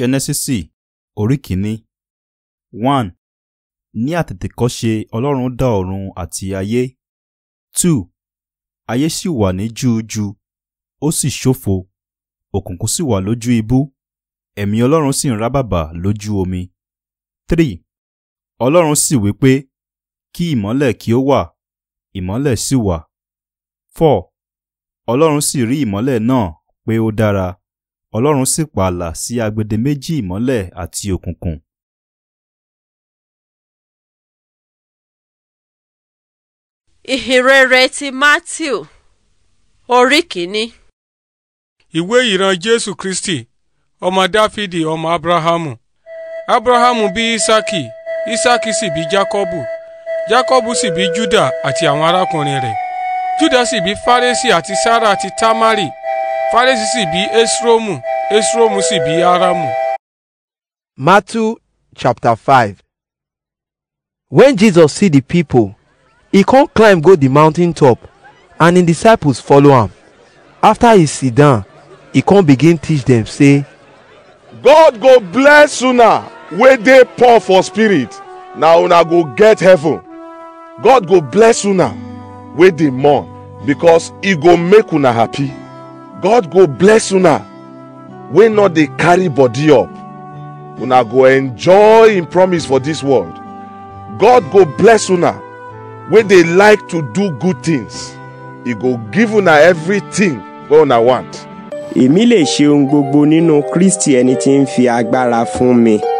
jẹnẹsísì orí kìíní one ní àtètèkọ́ṣe ọlọ́run dá ọ̀run àti ayé two ayé sì wà ní júújú ó sì ṣófo òkùnkùn sì wà lójú ibú ẹ̀mí ọlọ́run sì ń rábàbà lójú omi three ọlọ́run sì wí pé kí ìmọ́lẹ̀ kí ó wà ìmọ́lẹ̀ sì wà four ọlọ́run sì rí ìmọ́lẹ̀ náà pé ó dára Ọlọ́run sì pààlà sí agbede méjì ìmọ́lẹ̀ àti òkùnkùn Ìhìnrere ti Matthew orí kìíní. Ìwé ìran Jésù Kristi ọmọ Dáfídì ọmọ Ábúráhámù. Ábúráhámù bí Ísákì, Ísákì sì bí Jákọ́bù, Jákọ́bù sì bí Júdà àti àwọn arákùnrin rẹ̀. Júdà sì bí Fárésì àti Sárà àti Támárì, Fárésì sì bí Ésrómù, Esrom sì bí Aramu. Matthew chapter five. When Jesus see the people, he come climb go the mountain top, and im disciples follow am. After he sit down, he come begin teach dem say, God go bless una wey dey poor for spirit, na una go get heaven. God go bless una wey dey mourn, because e go make una happy. God go bless una When not they carry body up una go enjoy in promise for this world god go bless una When they like to do good things he go give una everything wey una want. èmi lè ṣe ohun gbogbo nínú kristi ẹni tí ń fi agbára fún mi.